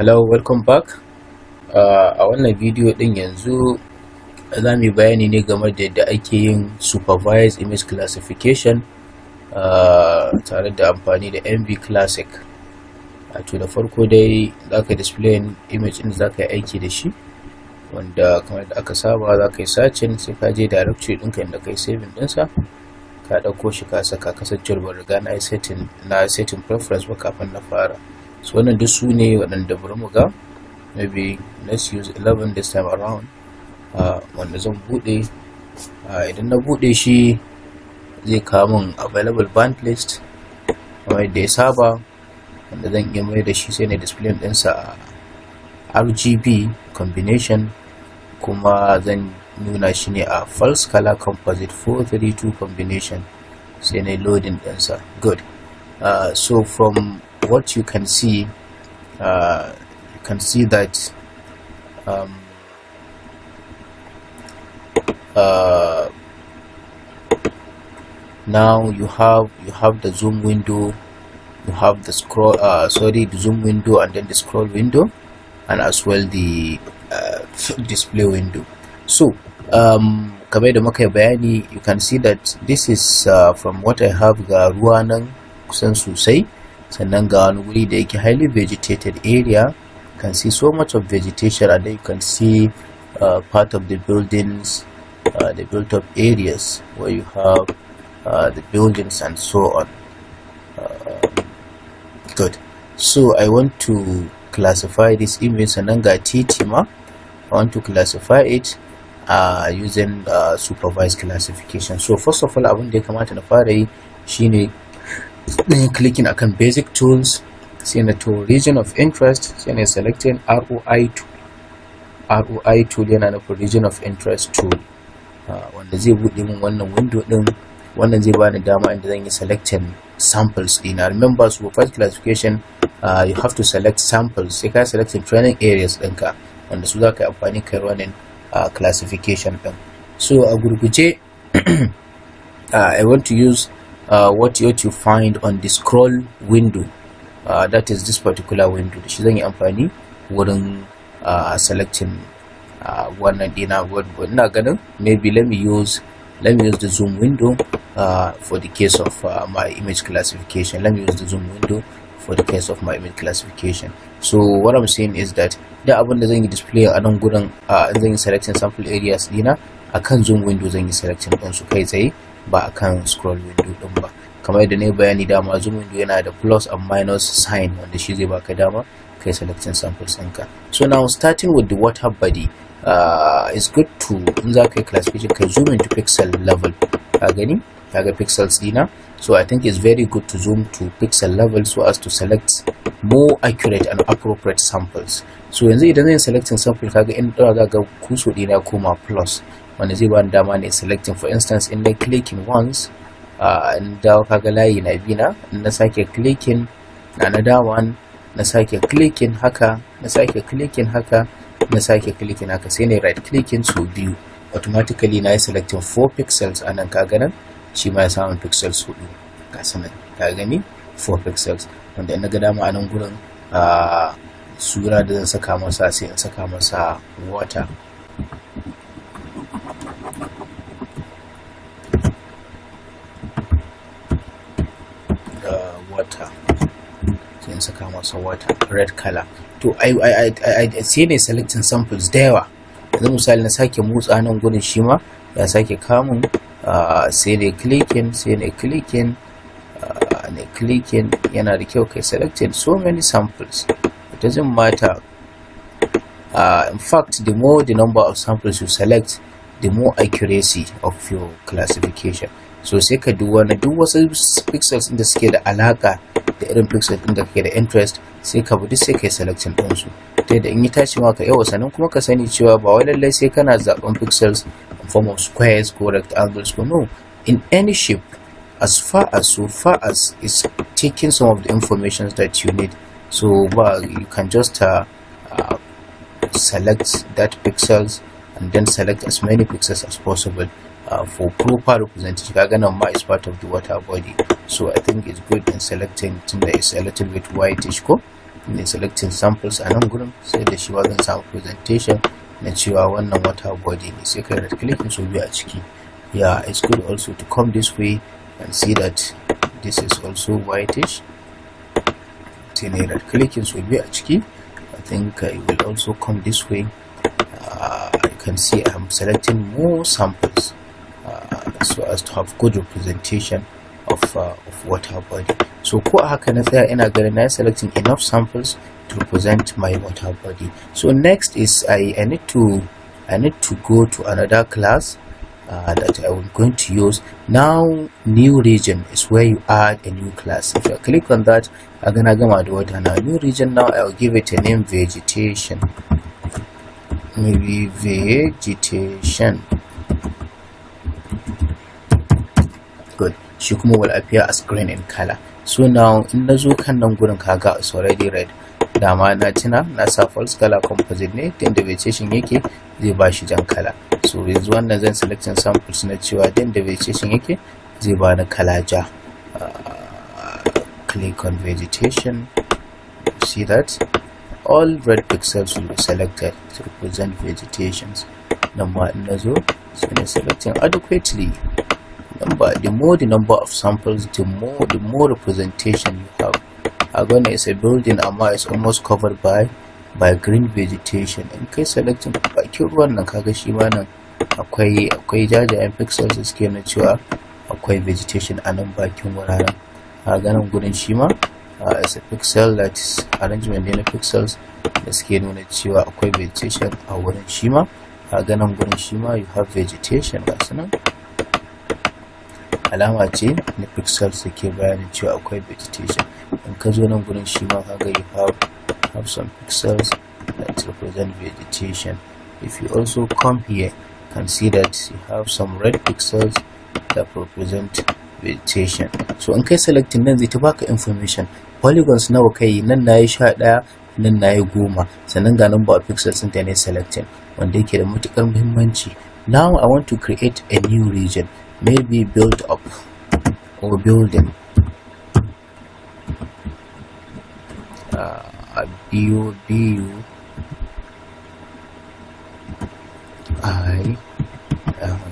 hello welcome back uh, a wannan bidiyo din yanzu za mu yi bayani ne game da yadda ake yin supervised image classification uh, tare da amfani da mv classic to da farko dai za ka display image din za ka yi aiki da shi wanda kamar da aka saba za ka sai ka je directory ɗinka inda ka yi saving ɗinsa ka ɗauko shi ka saka kasancewar riga na setting na setting preference ba kafin na fara so wannan duk su ne waɗanda bari mu ga maybe let's use 11 this time around uh, wanda zan buɗe uh, idan na buɗe shi zai kawo min available band list kamar yadda ya saba wanda zan iya mai da shi sai na display ɗinsa a rgb combination kuma zan nuna shi ne a false color composite 432 combination sai na loading ɗinsa good uh, so from what you can see uh, you can see that um, uh, now you have you have the zoom window you have the scroll uh, sorry the zoom window and then the scroll window and as well the uh, display window so um, kamar da muka bayani you can see that this is uh, from what I have ga ruwa nan kusan sosai sannan ga wani guri da yake highly vegetated area you can see so much of vegetation and then you can see uh, part of the buildings uh, the built up areas where you have uh, the buildings and so on uh, good so i want to classify this image sannan ga titi ma i want to classify it uh, using uh, supervised classification so first of all abin da ya kamata na fara yi shine ɗan clicking akan basic tools sai na to region of interest sai na selecting ROI tool ROI tool yana for region of interest tool ah, wanda zai buɗe min wannan window ɗin wannan zai bani dama inda zan yi selecting samples ɗina remember su first classification uh, you have to select samples sai ka selecting training areas ɗinka wanda su za ka yi amfani kai running uh, classification ɗin so a gurguje uh, I want to use Uh, what, what you find on the scroll window uh, that is this particular window da shi zan yi amfani wurin uh, selecting wannan dina ina ganin maybe let me use let me use the zoom window uh, for the case of uh, my image classification let me use the zoom window for the case of my image classification so what i'm saying is that da abin da zan yi display a nan gurin zan yi selecting sample areas dina akan zoom window zan yi selecting din su kai tsaye ba a kan scroll window ɗin ba kamar yadda na yi bayani dama zoom window yana da plus and minus sign wanda shi zai baka dama kai selecting samples ɗinka so now starting with the water body uh, it's good to in za ka yi classification ka zoom into pixel level ka gani kaga pixels dina so i think it's very good to zoom to pixel level so as to select more accurate and appropriate samples so yanzu idan zan selecting sample kaga in da ga kuso dina koma plus wanda zai bani dama ne selecting for instance in na clicking once uh, in dawo kaga layi na bi na na sake clicking na na dama na sake clicking haka na sake clicking haka na sake clicking haka sai na right clicking so biyu automatically na yi selecting four pixels anan nan kaga nan shi ma ya samun pixels hudu ka sanan ka gani four pixels wanda na ga dama a nan gurin uh, sura da zan saka masa sai in saka masa water Hausa water red color to sai ne selecting samples da yawa yanzu misali na sake motsa nan gurin shi ma ya sake kamun sai ne clicking sai ne clicking ne clicking yana da kyau kai selected so many samples it doesn't matter uh, in fact the more the number of samples you select the more accuracy of your classification so sai ka duba na duk wasu pixels da suke da alaka da irin pixel din da kake da interest sai ka bi duk sai kai selection din su ta da in yi tashi ma ka yawa sanin kuma ka sani cewa ba wai lallai sai kana zaben pixels in form of squares ko rectangles ko no in any shape as far as so far as is taking some of the information that you need so ba you can just uh, uh, select that pixels and then select as many pixels as possible Uh, for proper representation kaga nan ma is part of the water body so i think it's good in selecting tunda is a little bit whitish ko in selecting samples a nan gurin sai da shi wajen samu presentation na cewa wannan water body ne sai kai right click so biyu a ciki yeah it's good also to come this way and see that this is also whitish sai na right click so biyu a ciki i think uh, it will also come this way uh, you can see i'm selecting more samples so as to have good representation of, uh, of water body so ko a haka selecting enough samples to represent my water body so next is I, I need to I need to go to another class uh, that I am going to use now new region is where you add a new class if I click on that I'm gonna go my water now new region now I'll give it a name vegetation maybe vegetation good shi kuma will appear as green in color so now in na zo kan nan gurin kaga is already red dama na tuna na sa false color composite ne ta inda vegetation yake zai ba shi jan kala so yanzu wannan zan selection samples na cewa ta inda vegetation yake zai ba ni kala ja uh, click on vegetation see that all red pixels will be selected to represent vegetations number in na zo so selecting adequately number the more the number of samples the more the more representation you have again is a building amma is almost covered by by green vegetation in kai selecting bakin ruwan nan kaga shi ma nan akwai akwai jajayen pixels da suke na cewa akwai vegetation a nan bakin wuraren a ganin gurin shi ma is a pixel that is arrangement ne na pixels da suke nuna cewa akwai vegetation a wurin shi ma a ganin gurin shi ma you have vegetation ga nan alama ce na pixel da ke bayanin cewa akwai vegetation in ka zo nan gudun shi ma ka you have, some pixels that represent vegetation if you also come here can see that you have some red pixels that represent vegetation so in kai selecting nan zai ta baka information polygons nawa kai nan na yi sha ɗaya nan na yi goma sannan ga number of pixels ɗin ne selecting wanda yake da matukar muhimmanci now i want to create a new region may be built up or building uh, bu bu i um,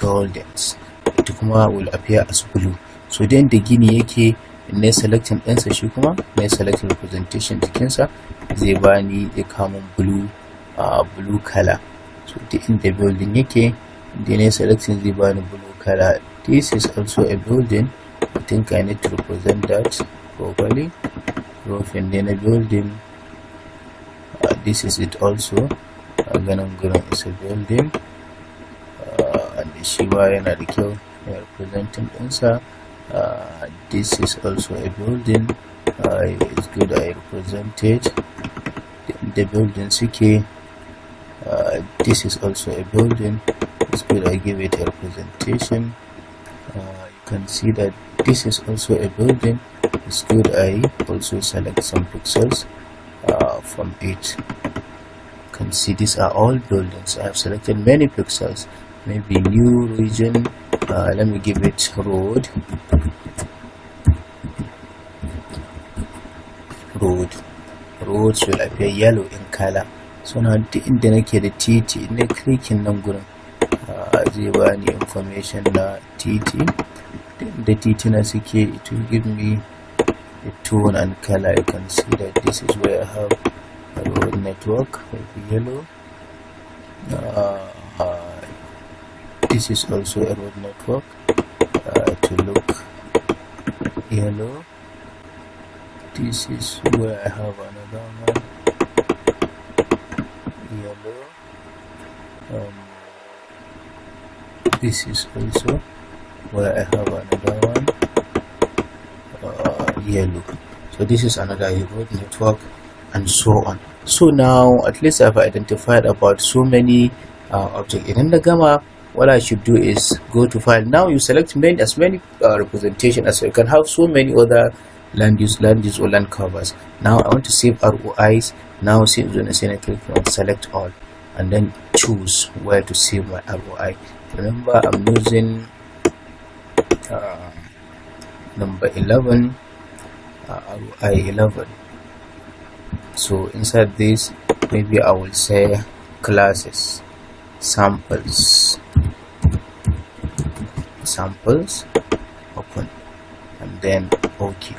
goldens ita kuma will appear as blue so then da gini yake na selecting sa shi kuma na selecting representation sa zai bani ya kama blue uh, blue color so duk the building yake DNA selecting the banner blue color. This is also a building. I think I need to represent that properly. Roof and then building. Uh, this is it also. Again, I'm gonna go is a building. Uh, and Shiva and Arikyo are representing answer. Uh, this is also a building. Uh, it's good I represented the, the building CK. Uh, this is also a building Good. I give it a presentation uh, you can see that this is also a building Good. I also select some pixels uh, from it you can see these are all buildings I have selected many pixels maybe new region uh, let me give it road road roads will appear yellow in color so now in da nake da titi na clicking nan gurin zero and information na tt the tt na suke it will give me the tone and color you can see that this is where i have a road network maybe yellow uh, uh, this is also a road network uh, to look yellow this is where i have another one yellow um, this is also where I have another one uh, yellow so this is another road network and so on so now at least I've identified about so many uh, objects in the gamma what I should do is go to file now you select many as many uh, representation as you can have so many other land use land use or land covers now I want to save ROIs now see, when I I click on select all and then choose where to save my ROI remember I'm using uh, number 11 uh, ROI 11 so inside this maybe I will say classes samples samples open and then ok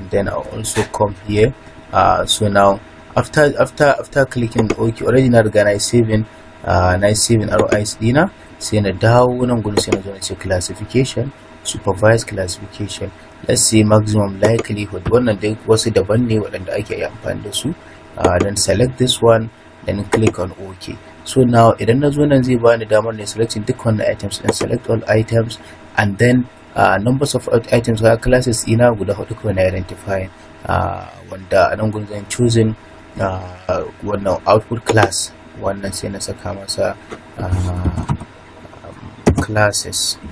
and then I'll also come here uh, so now after after after clicking ok already na riga na yi saving uh, na yi saving ROIs dina sai na dawo nan gudu sai na zo na ce classification supervised classification let's say maximum likelihood wannan dai wasu daban ne waɗanda ake yi amfani da su uh, then select this one then click on ok so now idan na zo nan zai bani damar ne selecting duk wannan items and select all items and then uh, numbers of items ga classes ina guda hudu kuma na identifying uh, wanda a nan gudu zan choosing na wannan output class wannan sai na saka masa ah, classes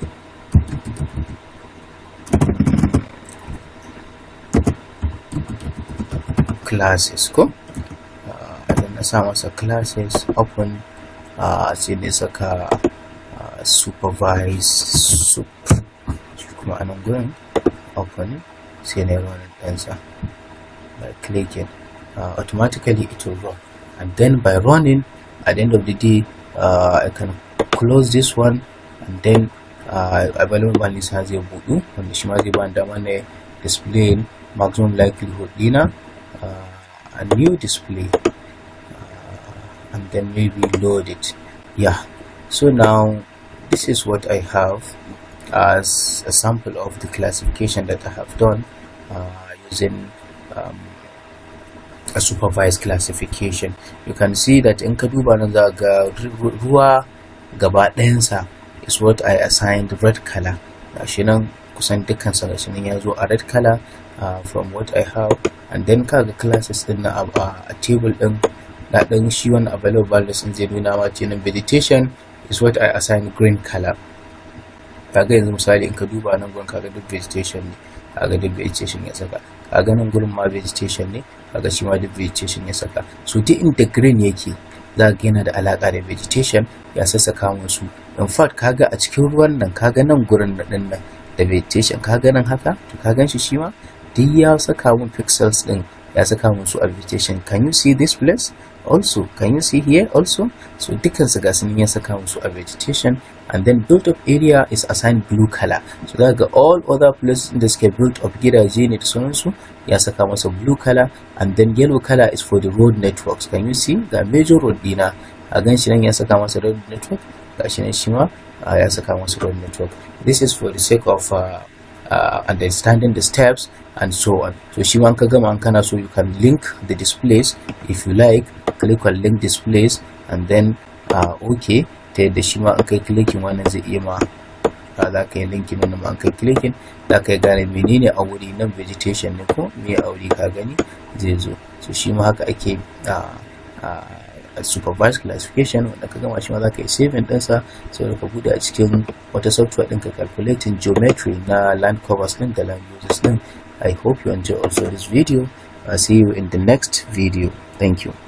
classes ko ah, idan na sa masa classes open ah, sai na saka supervise sup kuma anan gurin open sai na yi running ɗansa by clicking uh, automatically it will run and then by running at the end of the day uh, I can close this one and then uh, available one is has a budu wanda shi ma zai display maximum likelihood dina uh, a new display uh, and then maybe load it yeah so now this is what I have as a sample of the classification that I have done uh, using um, a supervised classification you can see that in ka duba nan za ga ruwa gaba sa is what I assigned red color gashi nan kusan dukkan sa gashi nan ya zo a red color uh, from what I have and then kaga classes din na a, a table din na ɗan shi wani available sun je nuna ma ce nan vegetation is what I assigned green color kaga yanzu misali in ka duba nan gwan kaga duk vegetation ne kaga duk vegetation ya saka a ganin gurin ma vegetation ne kaga shi ma duk vegetation ya saka so duk inda green yake za ka yana da alaka da vegetation ya sassaka musu in fact kaga a cikin ruwan nan kaga nan gurin din nan da vegetation kaga nan haka to ka gan shi shi ma duk ya saka mun pixels din ya saka musu application can you see this place also can you see here also so su ga sun ya saka musu a vegetation and then built up area is assigned blue color so that ga all other places the suke built up gidaje ne da su ya saka masa blue color and then yellow color is for the road networks can you see the major road dina a gan shi nan ya saka masa road network gashi nan shi ma ah, ya saka masa road network this is for the sake of uh, uh, understanding the steps and so on so shima want ka gama kana so you can link the displays if you like click on link displays and then uh, okay ta yadda shi ma an kai clicking wannan zai iya ma uh, za ka yi linkin wannan ma an kai clicking za ka yi gane menene a wuri nan vegetation ne ko me a wuri ka gani zai zo so shi ma haka ake uh, uh supervised classification wanda ka gama shi ma za ka yi saving ɗinsa sai ka bude a cikin wata software ɗin ka calculating geometry na land covers ɗin da land uses ɗin i hope you enjoy also this video i'll see you in the next video thank you